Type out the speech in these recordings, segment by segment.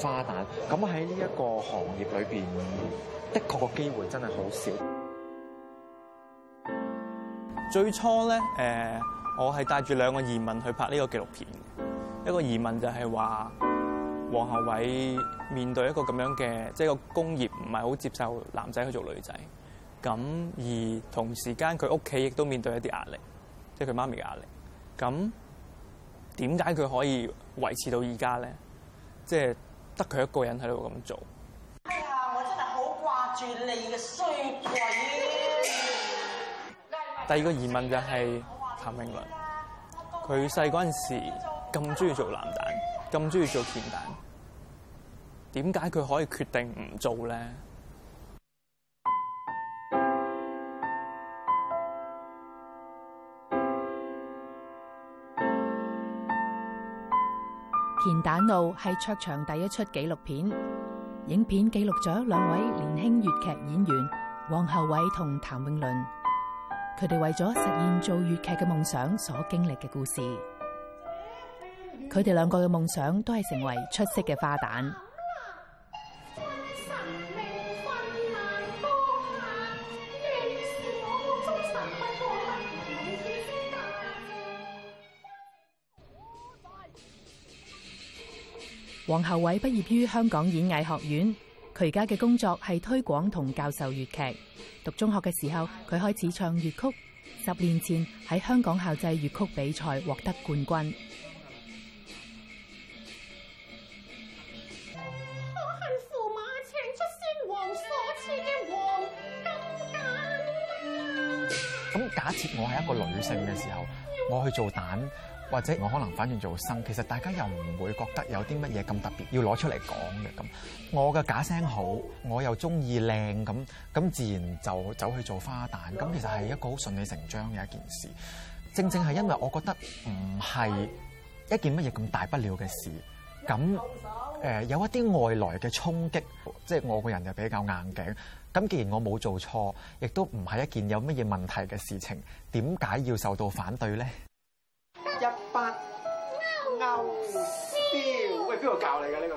花旦咁喺呢一個行業裏邊，的確個機會真係好少。最初咧，誒、呃，我係帶住兩個疑問去拍呢個紀錄片。一個疑問就係話，黃孝偉面對一個咁樣嘅，即係個工業唔係好接受男仔去做女仔。咁而同時間佢屋企亦都面對一啲壓力，即係佢媽咪嘅壓力。咁點解佢可以維持到而家咧？即係得佢一個人喺度咁做，哎呀。我真係好掛住你嘅衰鬼。第二個疑問就係譚詠麟，佢細嗰陣時咁中意做男旦，咁中意做乾旦，點解佢可以決定唔做咧？田蛋路》係卓場第一出紀錄片，影片記錄咗兩位年輕粵劇演員黃厚偉同譚詠麟，佢哋為咗實現做粵劇嘅夢想所經歷嘅故事。佢哋兩個嘅夢想都係成為出色嘅花旦。黃後偉畢業於香港演藝學院，佢而家嘅工作係推廣同教授粵劇。讀中學嘅時候，佢開始唱粵曲，十年前喺香港校際粵曲比賽獲得冠軍。可恨駙馬請出先王所賜嘅黃金鐧。咁假設我係一個女性嘅時候，我去做旦。或者我可能反轉做生，其實大家又唔會覺得有啲乜嘢咁特別要攞出嚟講嘅咁。我嘅假聲好，我又中意靚，咁，咁自然就走去做花旦。咁其實，係一個好順理成章嘅一件事。正正係因為我覺得唔係一件乜嘢咁大不了嘅事。咁誒、呃、有一啲外來嘅衝擊，即係我個人就比較硬頸，咁既然我冇做錯，亦都唔係一件有乜嘢問題嘅事情，點解要受到反對咧？喂，邊個教你㗎、啊？呢、這個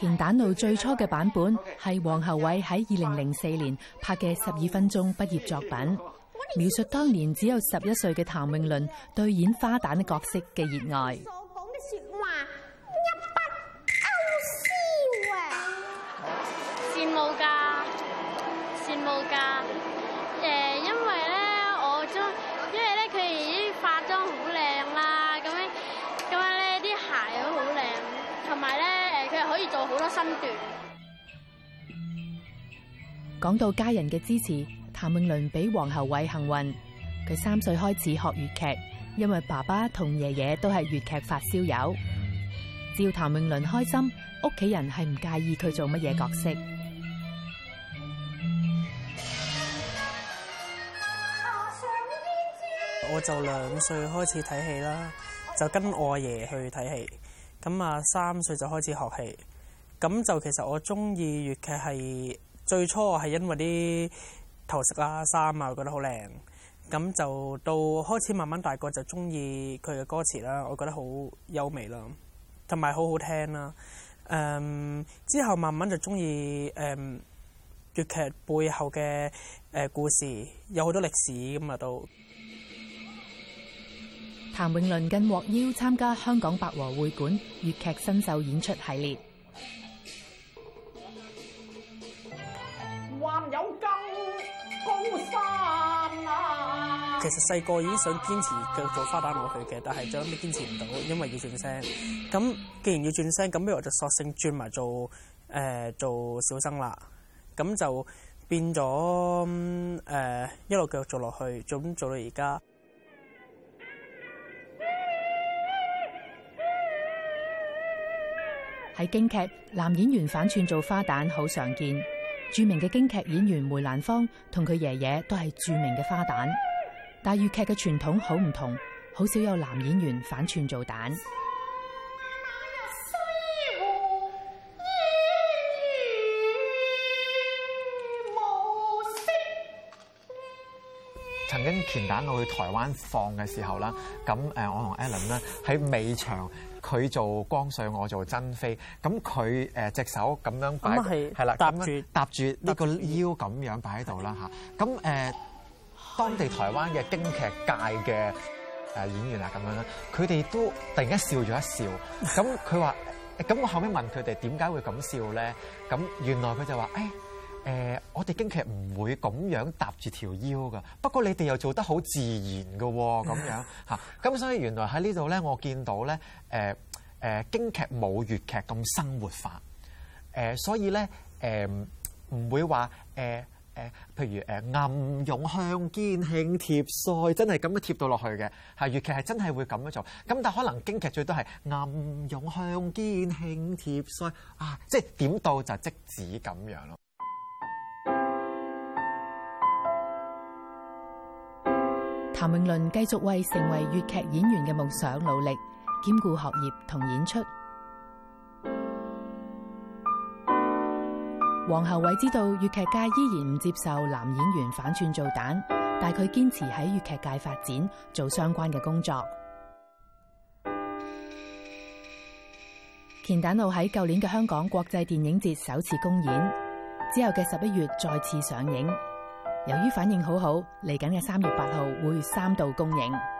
乾旦路最初嘅版本係黃后偉喺二零零四年拍嘅十二分鐘畢業作品，描述當年只有十一歲嘅譚詠麟對演花旦角色嘅熱愛。可以做好多身段。講到家人嘅支持，譚詠麟比黃后偉幸運。佢三歲開始學粵劇，因為爸爸同爺爺都係粵劇發燒友。只要譚詠麟開心，屋企人係唔介意佢做乜嘢角色。我就兩歲開始睇戲啦，就跟我阿爺爺去睇戲。咁啊，三歲就開始學戲。咁就其實我中意粵劇係最初係因為啲頭飾啊、衫啊，我覺得好靚。咁就到開始慢慢大個就中意佢嘅歌詞啦，我覺得好優美啦，同埋好好聽啦。誒、嗯、之後慢慢就中意誒粵劇背後嘅誒、呃、故事，有好多歷史咁啊、就是，到譚詠麟更獲邀參加香港八和會館粵劇新秀演出系列。其實細個已經想堅持做做花旦落去嘅，但係最後尾堅持唔到，因為要轉聲。咁既然要轉聲，咁不如我就索性轉埋做誒、呃、做小生啦。咁就變咗誒、呃、一路繼續做落去，做咁做到而家。喺京劇男演員反串做花旦好常見。著名嘅京劇演員梅蘭芳同佢爺爺都係著名嘅花旦。但粵劇嘅傳統好唔同，好少有男演員反串做旦。曾經乾旦我去台灣放嘅時候啦，咁誒我同 Allen 啦喺尾場，佢做光緒，我做珍妃，咁佢誒隻手咁樣擺，咁係係啦，搭住搭住呢個腰咁樣擺喺度啦吓，咁誒的。當地台灣嘅京劇界嘅誒演員啊，咁樣啦，佢哋都突然間笑咗一笑。咁佢話：，咁我後尾問佢哋點解會咁笑咧？咁原來佢就話：，誒、哎、誒、呃，我哋京劇唔會咁樣搭住條腰噶。不過你哋又做得好自然噶，咁樣嚇。咁 所以原來喺呢度咧，我見到咧，誒、呃、誒，京劇冇粵劇咁生活化。誒、呃，所以咧，誒、呃、唔會話誒。呃誒，譬如誒，暗湧向肩，輕貼腮，真係咁樣貼到落去嘅，係粵劇係真係會咁樣做。咁但係可能京劇最多係暗湧向肩，輕貼腮啊，即係點到就即止咁樣咯。譚詠麟繼續為成為粵劇演員嘅夢想努力，兼顧學業同演出。王侯偉知道粵劇界依然唔接受男演員反串做旦，但佢堅持喺粵劇界發展，做相關嘅工作。《乾旦路》喺舊年嘅香港國際電影節首次公演，之後嘅十一月再次上映。由於反應好好，嚟緊嘅三月八號會三度公映。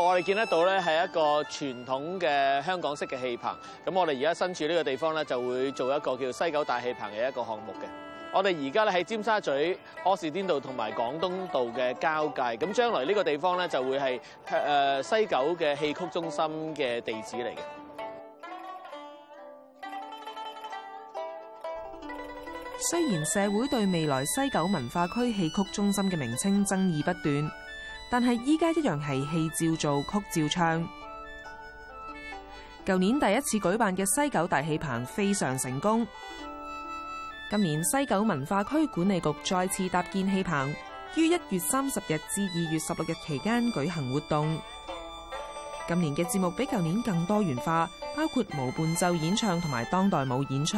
我哋見得到呢係一個傳統嘅香港式嘅戲棚。咁我哋而家身處呢個地方呢就會做一個叫西九大戲棚嘅一個項目嘅。我哋而家咧喺尖沙咀柯士甸道同埋廣東道嘅交界。咁將來呢個地方呢就會係誒西九嘅戲曲中心嘅地址嚟嘅。雖然社會對未來西九文化區戲曲中心嘅名稱爭議不斷。但係依家一樣係戲照做，曲照唱。舊年第一次舉辦嘅西九大戲棚非常成功。今年西九文化區管理局再次搭建戲棚，於一月三十日至二月十六日期間舉行活動。今年嘅節目比舊年更多元化，包括無伴奏演唱同埋當代舞演出。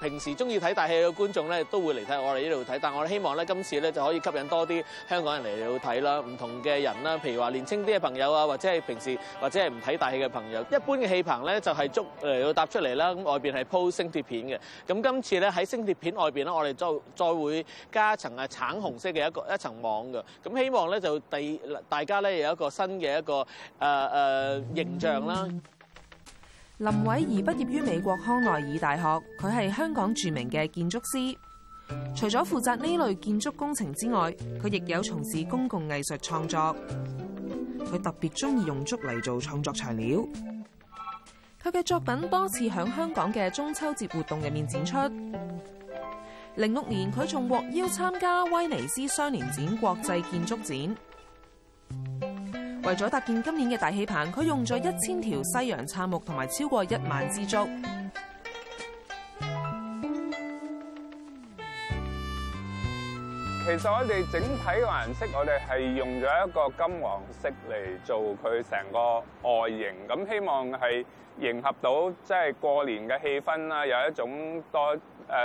平時中意睇大戲嘅觀眾咧，都會嚟睇我哋呢度睇。但我希望咧，今次咧就可以吸引多啲香港人嚟到睇啦。唔同嘅人啦，譬如話年輕啲嘅朋友啊，或者係平時或者係唔睇大戲嘅朋友。一般嘅戲棚咧就係築嚟到搭出嚟啦，咁外面係鋪鋅鐵片嘅。咁今次咧喺鋅鐵片外面咧，我哋再再會加一層橙紅色嘅一個一層網嘅。咁希望咧就第大家咧有一個新嘅一個誒誒、呃呃、形象啦。林偉儀畢業於美國康奈爾大學，佢係香港著名嘅建築師。除咗負責呢類建築工程之外，佢亦有從事公共藝術創作。佢特別中意用竹嚟做創作材料。佢嘅作品多次響香港嘅中秋節活動入面展出。零六年，佢仲獲邀參加威尼斯雙年展國際建築展。為咗搭建今年嘅大戲棚，佢用咗一千條西洋杉木同埋超過一萬支竹。其實我哋整體嘅顏色，我哋係用咗一個金黃色嚟做佢成個外形。咁希望係迎合到即係過年嘅氣氛啦，有一種多誒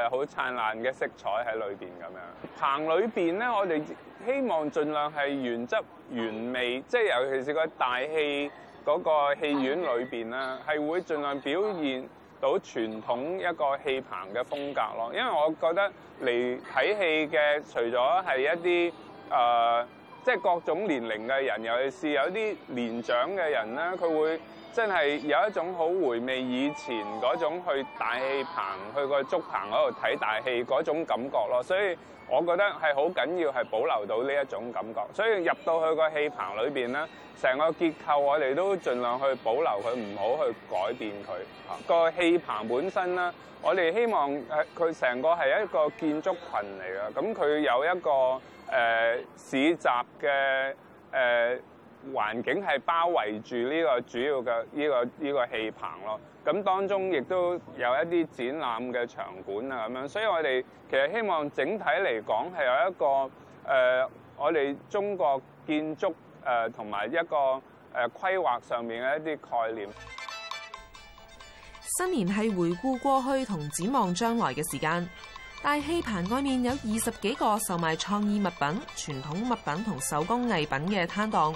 好燦爛嘅色彩喺裏邊咁樣。棚裏邊咧，我哋。希望盡量係原汁原味，即係尤其是個大戲嗰個戲院裏邊啦，係會盡量表現到傳統一個戲棚嘅風格咯。因為我覺得嚟睇戲嘅，除咗係一啲誒，即係各種年齡嘅人，尤其是有啲年長嘅人咧，佢會。真係有一種好回味以前嗰種去大戲棚去個竹棚嗰度睇大戲嗰種感覺咯，所以我覺得係好緊要係保留到呢一種感覺。所以入到去個戲棚裏邊咧，成個結構我哋都盡量去保留佢，唔好去改變佢。個戲棚本身咧，我哋希望佢成個係一個建築群嚟嘅，咁佢有一個誒市集嘅誒。環境係包圍住呢個主要嘅呢、這個呢、這個戲棚咯。咁當中亦都有一啲展覽嘅場館啊，咁樣。所以我哋其實希望整體嚟講係有一個誒、呃，我哋中國建築誒同埋一個誒規劃上面嘅一啲概念。新年係回顧過去同展望將來嘅時間。大戲棚外面有二十幾個售賣創意物品、傳統物品同手工藝品嘅攤檔。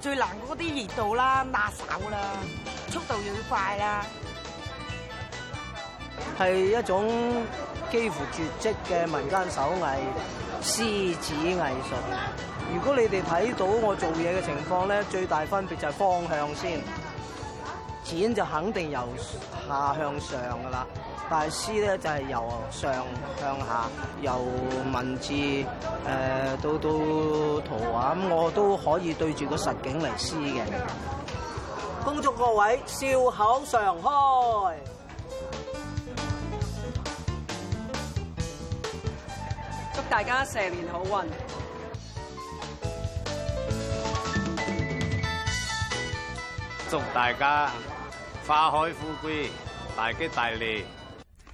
最難嗰啲熱度啦，拿手啦，速度要快啦，係一種幾乎絕跡嘅民間手藝，獅子藝術。如果你哋睇到我做嘢嘅情況咧，最大分別就係方向先，剪就肯定由下向上噶啦。但大師呢，咧就係由上向下，由文字誒到到圖畫咁，我都可以對住個實景嚟詩嘅。恭祝各位笑口常開，祝大家蛇年好運，祝大家花開富貴，大吉大利。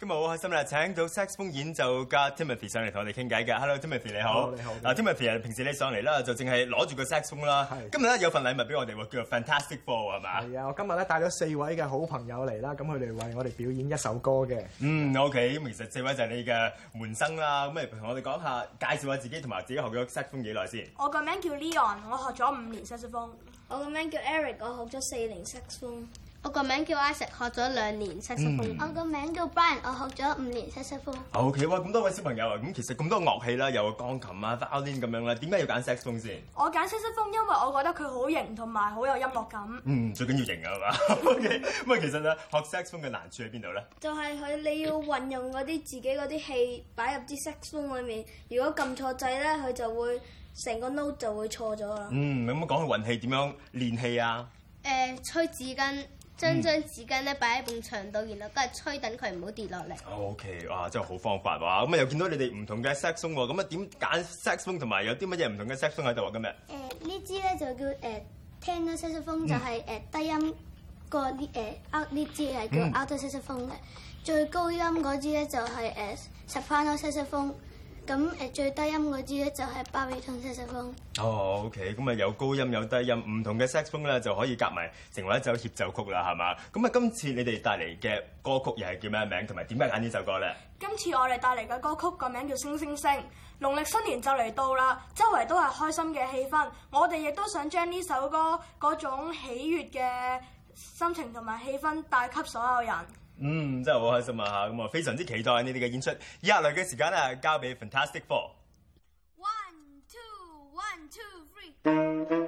今日好開心啦！請到色士風演奏家 Timothy 上嚟同我哋傾偈嘅。Hello Timothy 你好。Hello，你好。嗱 Timothy 啊，平時你上嚟啦，就淨係攞住個色士風啦。係。今日咧有份禮物俾我哋喎，叫做 Fantastic Four 係嘛？係啊，我今日咧帶咗四位嘅好朋友嚟啦，咁佢哋為我哋表演一首歌嘅。的嗯，OK。咁其實四位就係你嘅門生啦。咁你同我哋講下介紹下自己，同埋自己學咗色士風幾耐先。我個名叫 Leon，我學咗五年色士風。我個名叫 Eric，我學咗四年色士風。我個名叫 i sek，色色 s a c 學咗兩年 saxophone。我個名叫 Brian，我學咗五年 saxophone。o k a 咁多位小朋友啊，咁其實咁多樂器啦、啊，有鋼琴啊、v i o l 咁樣咧，點解要揀 saxophone？我揀 saxophone，因為我覺得佢好型同埋好有音樂感。嗯，最緊要型啊嘛。o k a 其實咧，學 saxophone 嘅難處喺邊度咧？就係佢你要運用嗰啲自己嗰啲氣擺入啲 saxophone 裏面，如果撳錯掣咧，佢就會成個 note 就會錯咗，嗯，咁冇講佢運氣點樣練氣啊？誒、呃，吹紙巾。將張紙巾咧擺喺埲牆度，然後都係吹等佢唔好跌落嚟。O、okay, K，哇，真係好方法哇！咁啊又見到你哋唔同嘅薩克斯喎，咁啊點揀薩克斯同埋有啲乜嘢唔同嘅薩克斯喺度啊？今日誒呢支咧就叫 o、呃、聽咗薩克斯、嗯、就係低音個誒啊，呢支係叫 alto 薩克斯嘅，最高音嗰支咧就係誒 soprano 薩克斯咁誒最低音嗰支咧就係巴比同七手風。哦，oh，OK，咁啊有高音有低音，唔同嘅 sex 風咧就可以夾埋成為一首協奏曲啦，係嘛？咁啊，今次你哋帶嚟嘅歌曲又係叫咩名？同埋點解揀呢首歌咧？今次我哋帶嚟嘅歌曲個名叫《星星星》。農曆新年就嚟到啦，周圍都係開心嘅氣氛，我哋亦都想將呢首歌嗰種喜悅嘅心情同埋氣氛帶給所有人。嗯，真係好開心啊！咁啊，非常之期待你哋嘅演出。以下嚟嘅時間咧，交俾 Fantastic Four。One, two, one, two, three.